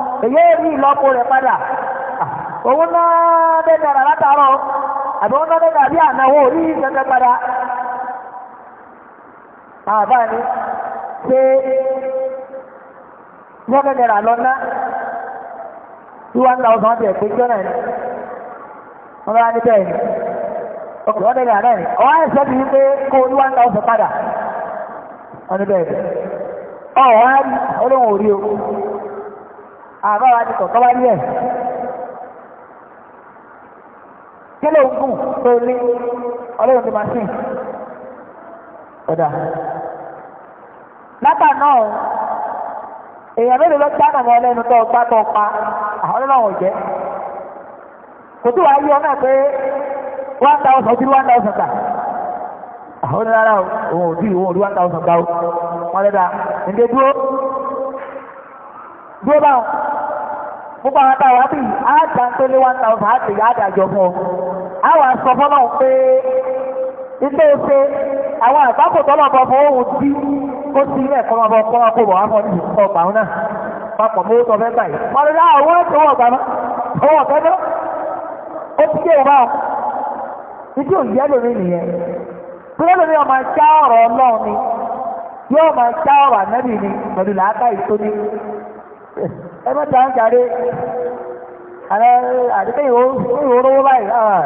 èyí èmi ìlọ́po rẹ̀ padà òun náà dé náírà látàárọ̀ àbí òun náà dé náírà bí ànáwó orí gẹ́gẹ́ padà. àbá ni ṣé wọ́n dé náírà lọ ná tí wọ́n ń la ọ̀sán ti ẹ̀pẹ́ jọ́nà ni wọ́n bá ní bẹ́ẹ̀ ni ọkọ̀ wọ́n dé náírà náà ni ọ̀wá ẹ̀sẹ̀ ti wípé kó o ní wọ́n ń la ọ̀sán padà wọ́n ní bẹ́ẹ̀ ni ọ̀wá olóhùn orí o àbáwá ti kọ̀ọ̀kan wá ní ẹ̀ kílẹ̀ ogun tó lé ọlọ́run ti máa sìn ọ̀dà látà náà èèyàn mélòó ló já nàmọ́ ọlẹ́nu tó gbá tó pa àwọn ọlọ́run ò jẹ́ kò tí wàá yí ọ náà pé one thousand ojú one thousand gbà àwọn ọlọ́run rárá òun ò dì òun ò rí one thousand gbà ó wọn lẹ́dà ǹdẹ́ dúró. bí ó bá wọn gbogbo àwọn pé ilé àwọn fún òun tí ó ti ilé ẹ̀kọ́ ọmọ ní náà papọ̀ mọ́ báyìí lè láwọn owó owó ọ̀fẹ́ náà ó ti dé ìwà ìdí òyìn yẹn lómi nìyẹn lómi ọmọ ẹ̀ṣá ọ̀rọ̀ yóò máa ṣá ọ̀rọ̀ ni pẹ̀lú làákàyè tó ní <laughs> ẹ mẹ́ta ń jáde ààrẹ àdìgbẹ́ ìhòòrówó báyìí ah.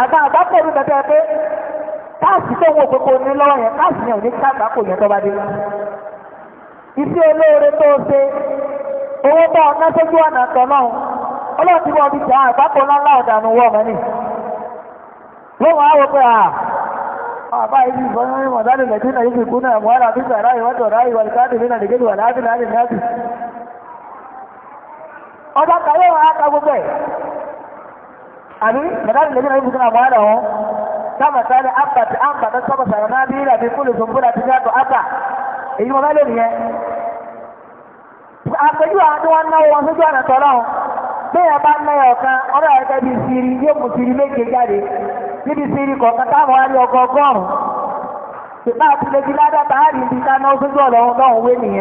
àgbà àgbàpọ̀ mi bẹ̀tẹ̀ pé káàsì tó wọ́n òkókó ní lọ́wọ́ yẹn káàsì yẹn ò ní káàkà kò yẹn tó dé iṣẹ́ olóore tó ṣe owó bá ọ̀nà sójú ọ̀nà náà ọlọ́run ti bọ́ ọdún ńláńlá wọ́ lóhùn àwọn pé à àbá ibi ìfọyín náà fi kú náà mọ́ ọba kàwé wọn aka gbogbo ẹ àbí mẹ̀dáàlì lèmi náà yóò fi sínú àwọn àdàwọ̀ sábà sáré àbà tí àbà tó sábà sàrò náà bí ìlà bí kúlù tó ń búra ti yàtọ̀ àbà èyí mo bá lè nìyẹn. àpèjú àwọn tí wọ́n náwó wọn sójú àná tọ́lọ́ bá náyà ọ̀kan siri yóò mú siri méje jáde níbi siri kọ̀ọ̀kan táwọn wá rí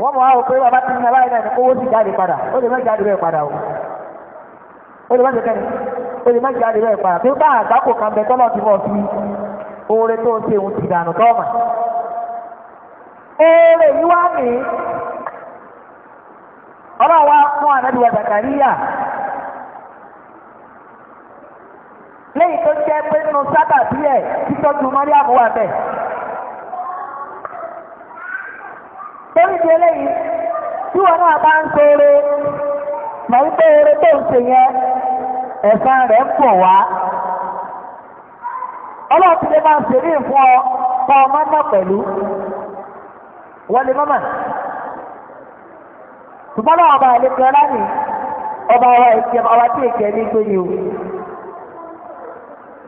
wọ́n mọ̀ àwọn pé bàbá ti ní abáyé náà ní kówó jáde padà ó lè má padà o ó lè má kẹ́ni ó lè má jáde o. padà bí bá àgbákò kan bẹ tọ́lọ̀ ti bọ̀ sí oore tó ṣe òun ti dànù tọ́ọ̀mà oore yìí wá ní ọlọ́run fún ànábìwá Zakariya lẹ́yìn tó jẹ́ pé nínú sábà bí títọ́jú mọ́rí bẹ́ẹ̀. torí di eléyìí tí wọn náà bá ń tóore mọ̀ wípé eré tó ń ṣe yẹn ẹ̀san rẹ̀ ń pọ̀ wá ọlọ́ọ̀tí lè máa ṣèlú fún ọ pa ọmọ náà pẹ̀lú wọ́n mọ́mọ́ ṣùgbọ́n náà ọba àlejò ọlá nìí ọba wa ìkẹ ọba tí ìkẹ ní o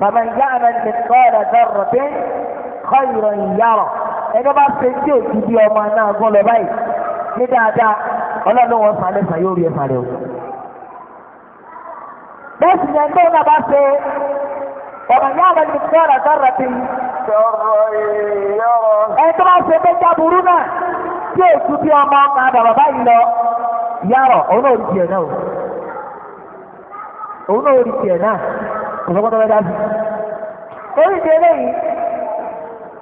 bàbá ìyá kọ́ kọ́ ẹni bá ṣe tí ò ti di ọmọ náà gún lọ báyìí ní dáadáa ọlọ́run wọn fà lẹ́sàn yóò rí ẹ̀fà rẹ̀ o. bẹ́ẹ̀ sì ni ẹgbẹ́ náà bá ṣe ọ̀rọ̀ yá àwọn ẹni tí ọ̀rọ̀ sọ̀rọ̀ ti. ẹni tó bá ṣe bẹ́ẹ̀ jáburú náà tí ò ti di ọmọ náà bàbá báyìí lọ yàrá òun náà rí tiẹ̀ náà o. òun náà rí tiẹ̀ náà kò sọ́kọ́ tó fẹ́ dá sí. orí ìdílé yìí.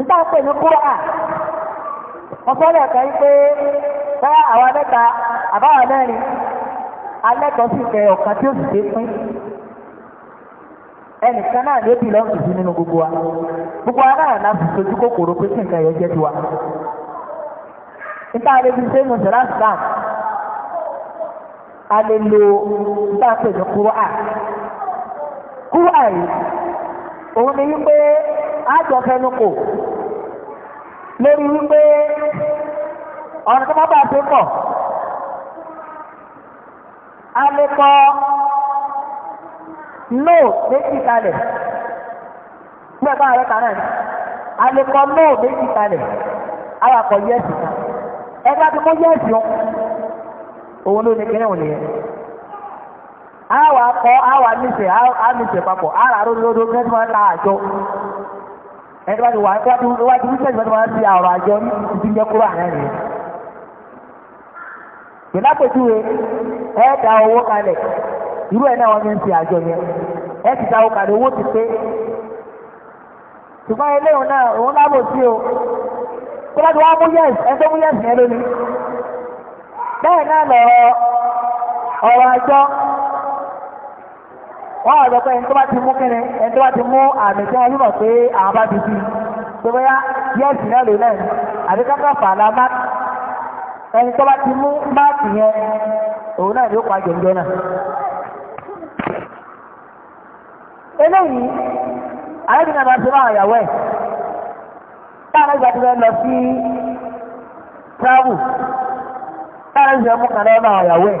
nígbà pé ní kúrò wọ́n sọ lẹ́ẹ̀kan yìí pé bá àwa mẹ́ta àbáwa mẹ́rin alẹ́tọ̀ọ́ sì fẹ́ ọ̀kan tí ó sì gbogbo wa gbogbo wa náà kòkòrò pé kí nǹkan yẹn jẹ́ tiwa nípa lo nípa ní àjọfẹnukò lórí wípé ọ̀rọ̀ tó bá bá pọ̀ a lè kọ nóò méjì kalẹ̀ gbẹ̀gbọ́n ààrẹ kan a lè kọ nóò méjì kalẹ̀ awakọ̀ yẹ́sì kan ẹgbẹ́ yẹ́sì òun ló ní kíní awakọ̀ papọ̀ ara ẹni wájú wà wájú wájú wíṣẹ́ ìgbà tó máa ń fi àjọ ti ń jẹ́ kúrò àná ẹ da owó kalẹ̀ irú ẹ̀ náà wọ́n ti ń fi àjọ yẹn ẹ ti da owó kalẹ̀ owó ti pé. Ṣùgbọ́n eléyìí náà òun lábò sí o tó bá ti wá mú ẹ wọ́n wà lọ́pẹ́ ẹni tó bá ti mú kíni ẹni tó bá ti mú àmì tí wọ́n yúmọ̀ pé àwọn bá ti bí tó bóyá yẹ́sì náà lè náà àbí káká fàlà máàkì ẹni tó bá ti mú máàkì yẹn òun náà yóò pa jẹ̀ǹjẹ̀ náà. eléyìí àyẹ̀dì náà máa ṣe máa yàwó ẹ̀ táwọn ìgbà tí wọ́n lọ sí travel táwọn ìgbà mú kàn náà máa yàwó ẹ̀.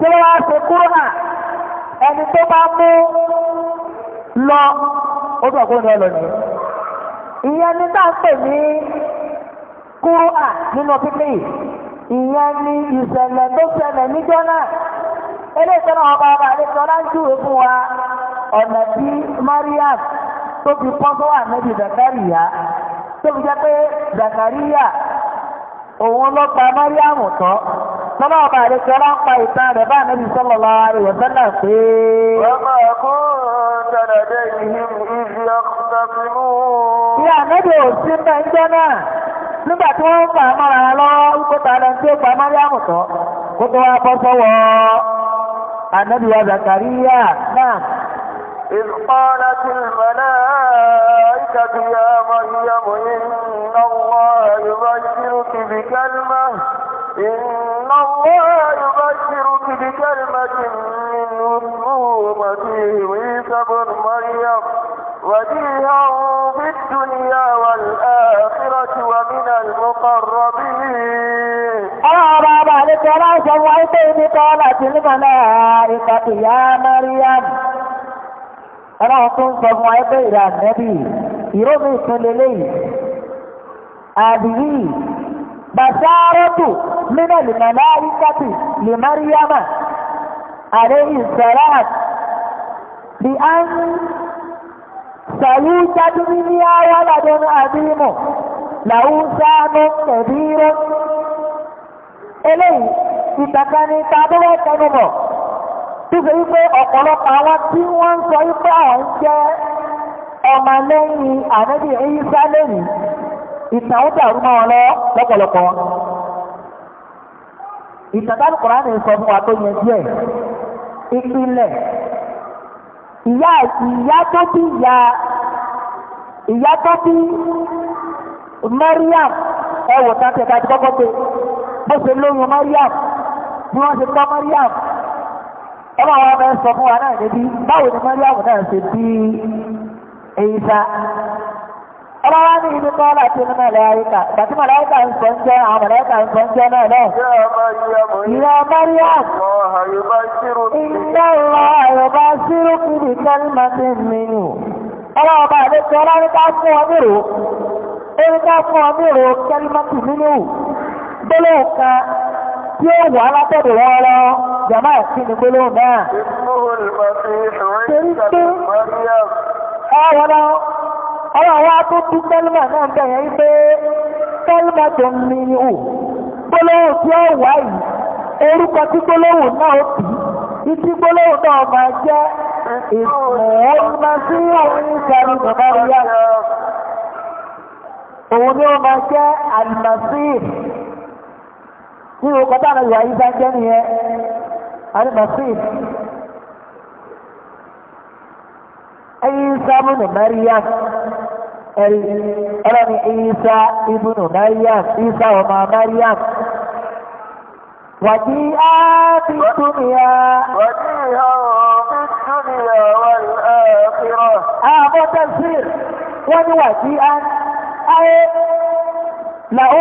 tí wọ́n wá ṣe kúrò náà ẹni tó bá mú lọ ó bọ̀ kó lọ lọ nìyẹn ìyẹn ní tá à ń pè ní kúrò à nínú pínpín ìyẹn ní ìṣẹ̀lẹ̀ tó ṣẹlẹ̀ níjọ́ náà eléyìí tó náà ọba ọba àlejò ọlájú fún wa ọ̀nà tí Mariam tó fi pọ́n tó wà níbi Zakariya tó fi jẹ́ pé Zakariya òun ló pa Mariam tọ́ tọ́lá ọba àdékẹ́ ọlá ń pa ìtàn rẹ̀ bá ànábì sallallahu alaihi wa sallam pé. wọ́n máa kó tẹ̀lẹ̀dẹ́ ìhìn ìdí ọ̀tàbínú. bí ànábì ò sí ń bẹ ń jẹ́ náà nígbà tí wọ́n ń fà á mọ́ra tí ó pa Máríàmù tọ́ kó tó wá náà. إذ قالت الملائكة يا مريم الله يبشرك بكلمة إن الله يبشرك بكلمة منه اسمه مسيح عيسى بن مريم وجيها في الدنيا والآخرة ومن المقربين أرى ذلك لا سويت إذ قالت الملائكة يا مريم أنا أكون سويت إلى النبي يروي كل ليل هذه بشارة من الملائكة لمريم عليه السلام بأن سيوجد منها ولد عظيم له na كبير eléyìí ìtàkà ni tàbíwẹ̀ tẹnumọ̀ tó ṣe wípé ọ̀pọ̀lọpọ̀ àwọn tí wọ́n ń sọ jẹ́ ọmọ lẹ́yìn ìtàn ó dàrú mọ́ wọn lọ lọ́pọ̀lọpọ̀ ìtàn tábí kùránì sọ fún wa tó yẹ díẹ̀ ìpínlẹ̀ ìyá ìyá tó bí ìyá ìyá tó bí Mariam ẹwọ tàǹtẹ̀ tàbí kọ́kọ́ pé bó ṣe lóyún Mariam bí wọ́n ṣe tọ́ Mariam ọmọ àwọn ọmọ ẹ sọ fún wa náà níbi báwo ni Mariam náà ṣe bí Èyíṣà ọlọ́wọ́ ní ibi kọ́ láti inú mẹ́lẹ́ríkà ìgbàtí mẹ́lẹ́ríkà ń sọ ń jẹ́ àwọn mẹ́lẹ́ríkà ń sọ ń jẹ́ náà lẹ́ ìyá mariam iná lọ àyọ̀bá sírù kìdì kẹ́lìmọ̀ sí mìíràn ọlọ́wọ́ bá lè sọ ọlọ́ríkà fún ọ nírò eríkà fún ọ nírò kẹ́lìmọ̀ sí mìíràn gbólóhùn kan tí ó wà látọ̀dọ̀ wọn lọ jàmá sí ni gbólóhùn náà. ìfúhùn ìmọ̀ sí ìṣòro ìgbàlẹ̀ mariam. ọwọ́ àwọn atúntú kẹ́lìmà náà bẹ̀yẹ̀ wípé kẹ́lìmà tó ń mi ò gbólóhùn tí ó wà yìí orúkọ tí gbólóhùn náà ó tì í tí gbólóhùn náà máa jẹ́ òun ẹ̀rí ọlọ́run ìsá ibùnú mariam ìsá ọmọ mariam wàdí ábí dúnìá wàdí ábí dúnìá wal akhirah àmọ́ tafsir wọ́n ní wàdí áyé làó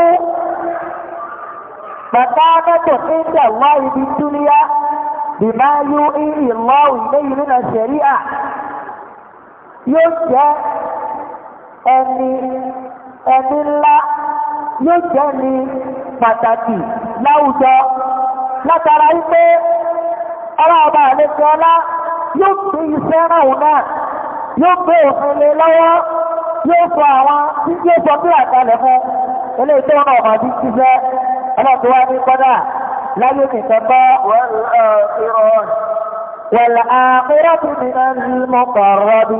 bàbá mẹ́tò nígbà wá ibi dúnìá bìbá yú ìlọ́wù ilé ìrìnà ṣẹ̀ríà yóò jẹ́ ẹni ẹni ńlá yóò jẹ́ ni pàtàkì láwùjọ látara wípé ọlọ́ọ̀bà àlejò ọlá yóò gbé iṣẹ́ ráhùn náà yóò gbé òfin lé lọ́wọ́ yóò sọ àwọn tí yóò sọ bí àtàlẹ̀ fún eléyìí tó náà ọ̀mà bí ṣiṣẹ́ ọlọ́ọ̀tún ní kọ́dà láyé nìkan bá wẹ́l àkúrọ́tù nínú mọ́kànrọ́bí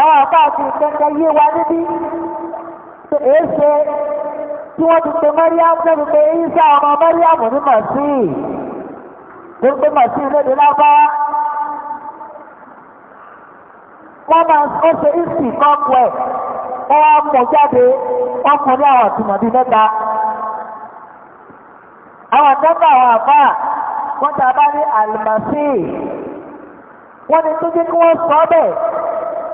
àwọn àpáàtì ìkẹ́kẹ́ yé wa níbí èé ṣe tí wọ́n ti pe mẹ́ríàmù lẹ́nu pé ìṣe ọmọ mẹ́ríàmù ní màsíì tó ń pé màsíì léde lábáwá wọ́n máa ń ṣe ìsìn kọ́kù ẹ̀ wọ́n wá mọ̀ jáde ọkùnrin àwọn àtìmọ̀bí mẹ́ta àwọn àtẹ́gbà àwọn àbá wọ́n ta bá ní àlùmọ̀síì wọ́n ní tó jẹ́ kí wọ́n sọ bẹ́ẹ̀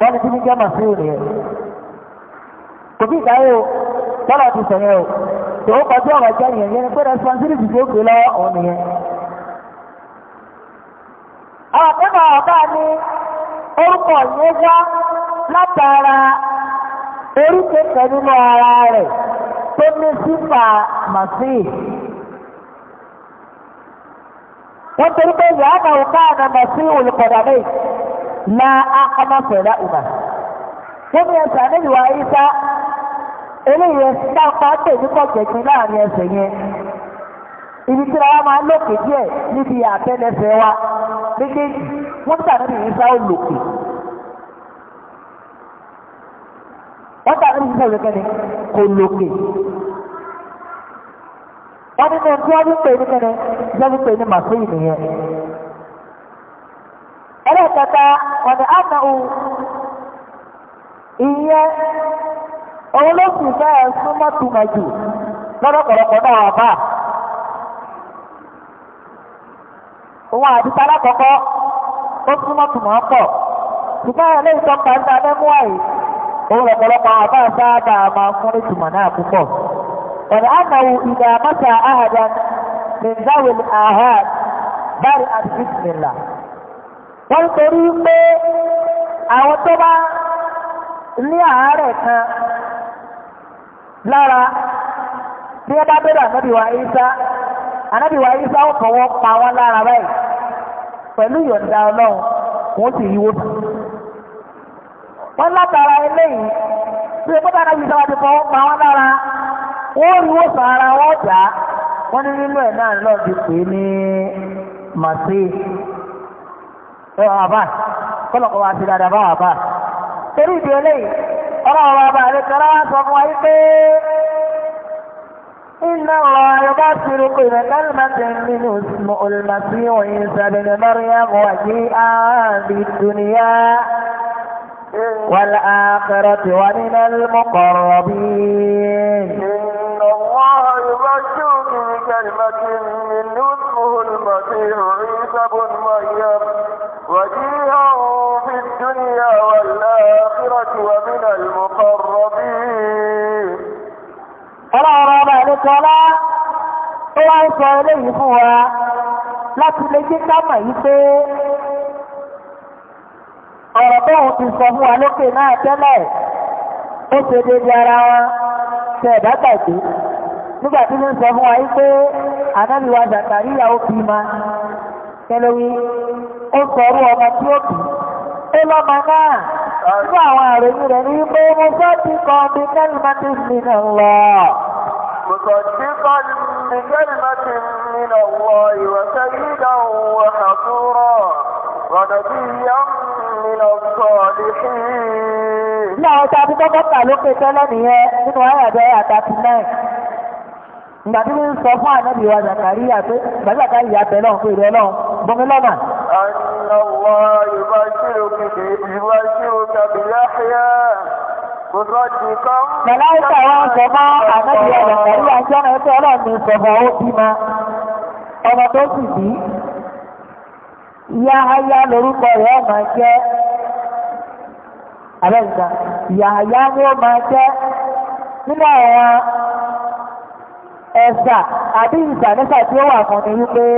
wani ní kíní jẹ́ màsíwò nìyẹn kò bí ìdáyé o tọ́lá ti o tó o kọjú ọ̀rọ̀ jẹ́ yẹn yẹn pé responsibility tó gbé òun nìyẹn. àwọn ni orúkọ yẹn wá látara pẹ̀lú ara rẹ̀ tó ní wọ́n torí pé òkà la ahadafa ra'uma wọ́n yẹn tà níbi wà ayíká eléyìí sápá pè ní pọ̀jẹ̀kì láàrin ẹsẹ̀ yẹn ibi tí wọ́n máa lókè díẹ̀ níbi àtẹ́lẹsẹ̀ wa méjèèjì wọ́n tà níbi yìí ó lòkè wọn tà níbi isa sá ó kò lòkè wọ́n nínú tí wọ́n ń pè ní kẹ́ni ní ẹlẹ́kẹta ọ̀nà àtàwù ìyẹn òun ló sì fẹ́ súnmọ́ tuma jù lọ́dọ̀kọ̀lọ́kọ̀ náà wà bá òun àdìsá alákọ̀ọ́kọ́ ó súnmọ́ tuma pọ̀ ṣùgbọ́n ilé ìtọ́ka ń ta mẹ́mú àyè òun lọ́pọ̀lọpọ̀ àwọn bá sáábà máa fún ní tuma náà púpọ̀ ọ̀nà àtàwù ìdá mọ́ta àhàdà nìjáwèlì àhàd báyìí àti bísí nìlá. wọ́n ń torí pé àwọn tó ní àárẹ̀ kan lára bí wọ́n bá bẹ̀rẹ̀ ànábìwá ìsá ànábìwá ìsá ó wọ́n pa wọ́n lára báyìí pẹ̀lú ìyọ̀ǹda ọlọ́run wọ́n sì yíwó sí. wọ́n látara eléyìí bí wọ́n bá ti fọwọ́ pa lára wọ́n wọ́n ní nínú ẹ̀ náà ẹ̀wọ̀n àbá kọ́lọ̀kọ́ wa ti dáadáa bá àbá. torí ìdí eléyìí ọlọ́run wa bá àlẹ́ tẹ́lá wá sọ fún wa yìí pé إن الله يبصر كل كلمة من اسم المسيح عيسى بن مريم وجيئا بالدنيا والآخرة ومن المقربين إن الله يبشرك بكلمة من المسيح عيسى بن مريم وجيها في الدنيا والآخرة ومن المقربين ألا أرى ذلك لا أرى إليه هو لا تلجي كما يبي ọ̀rọ̀ tóun ti sọ fún wa lókè náà tẹ́lẹ̀ ó nígbà tí ló ń sọ fún wa yìí pé anábìwá Zakariya ó fi ma kẹlẹ́wí ó sọ̀rọ̀ ọmọ tí ó kì í lọ́mọ náà nínú àwọn àròyìn rẹ̀ ní pé mo sọ ti kọ́ mi kẹ́lí má ti fi nà lọ. mo sọ kọ́ mi kẹ́lí má ti fi nà wọ ìwọ̀sẹ̀ yìí dáhùn wọ̀ àtúrọ̀ ونبيا من الصالحين. Ní àwọn tá a fi kọ́kọ́ kà lókè tẹ́lẹ̀ nìyẹn nínú àyàbẹ̀ àtàtì náà ìgbàdí ló ń sọ fún ànábì wa Zakariya pé gbàdí Zakariya tẹ náà pé ìrẹ náà bọmi lọ́nà. àyìnlọ́wọ́ yorùbá ṣe òkèdè ìwà ṣe òkàbí yáhíyá kò sọ ti kọ́. mẹ̀láìkà wa ń sọ fún ànábì wa Zakariya ṣé ọ̀nà ẹ̀fẹ́ ọlọ́ọ̀ni sọ̀fọ̀ ó bí ma ọmọ tó sì bí. Yahaya lórúkọ rẹ̀ ó máa jẹ́ abẹ́ǹkà Yahaya ni ó máa jẹ́ nínú àwọn ẹ̀sà àbí ìsànísà tí ó wà fún ni wípé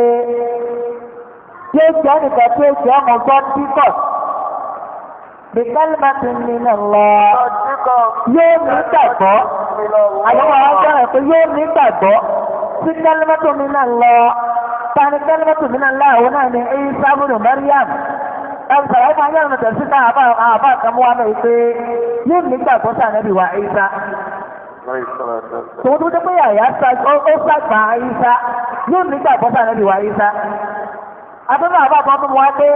tí ó jẹ́ nìkan tí ó jẹ́ ọmọ gbọ́ díkọ̀ bìkálímà ti ní nà lọ yóò ní gbàgbọ́ àwọn àwọn ọgbọ́n ẹ̀kọ́ yóò ní gbàgbọ́ sí kálímà tó ní nà lọ tani kálímà tó ní nà lọ àwọn náà ní ẹyí sábúrò Mariam ẹ̀sà ẹ̀ka yẹ́n mi tẹ̀sí náà àbá àbá kan náà wípé yóò ní gbàgbọ́ sí tòun tó pé àyà ó sàgbà ìsá yóò nígbà bọ́sà náà ìwà ìsá abẹ́rẹ́ àbábọ́ tó wá pé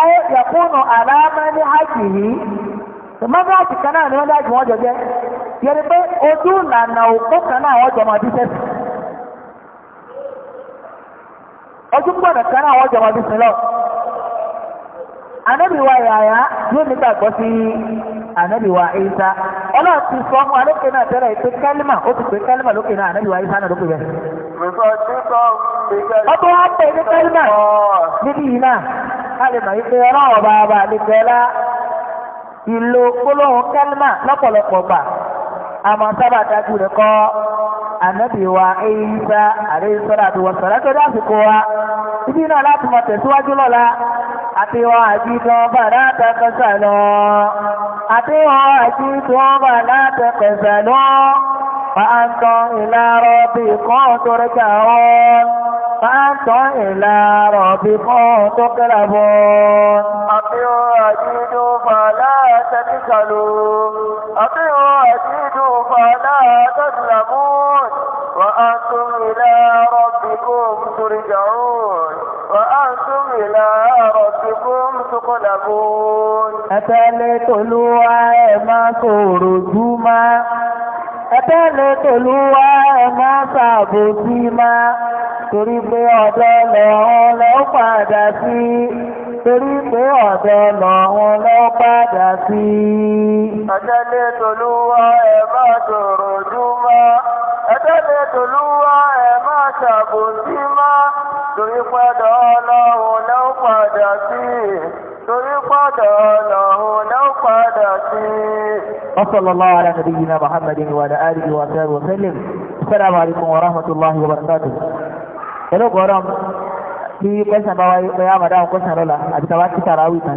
ayé ala àlàámẹ́ ní hajj yìí kan náà ni wọ́n dájú wọ́n jọ jẹ́ yẹni pé ojú ìlànà òkú kan náà wọ́n jọ máa bí ojú gbọ́dọ̀ kan náà wọ́n jọ máa bí sẹ́lọ̀ anábìwá ìyàyà yóò nígbà ànábì wa Ìsá ọlọ́run ti sọ ọmọ alókè náà tẹ́lẹ̀ pé kẹ́límà ó ti pé kẹ́límà lókè náà ànábì wa Ìsá náà ló pè bẹ́ẹ̀. ọtọ́ wa pè ní kẹ́límà níbí yìí náà a lè mọ̀ wípé ọlọ́run ọba ọba àlejòọ́lá ìlò gbólóhùn kẹ́límà lọ́pọ̀lọpọ̀ gbà àmọ́ sábà dájú rẹ̀ kọ́ ànábì wa Ìsá àlejòọ́lá àti wọ̀sán àti wọn àti tí wọn bà látẹ̀kọ̀ sànú. àti wọn àti tí wọn bà látẹ̀kọ̀ sànú. fàǹtọ̀ ìlàrọ̀ bí kan tó rí kàrọ̀. fàǹtọ̀ ìlàrọ̀ bí kan tó kẹ́lá bọ̀. àti wọn àti tí wọn bà látẹ̀kọ̀ sànú. àti wọn àti tí wọn bà látẹ̀kọ̀ sànú. وأنتم إلى ربكم ترجعون وأنتم إلى ربكم تقلبون أتالي تلوى ما كورجوما أتالي تلوى ما سابوتيما torí pé ọ̀dọ̀ lọ́wọ́n lọ padà sí torí pé ọ̀dọ̀ lọ́wọ́n lọ padà sí. ọjọ́ tolúwa ẹ̀ bá tòrò júmọ́ tòlúwa ẹ̀ má ṣàbòsí má torí padà ọlọ́run náà padà sí torí padà ọlọ́run náà padà sí. وصلى الله على نبينا محمد وعلى آله وصحبه وسلم السلام عليكم ورحمة الله وبركاته ẹlọ́gọ́rọ̀ tí kẹsàn bá wáyé pé àmàdá ọkọ̀ sàrọ́là àti tàwákì tàràwì tàn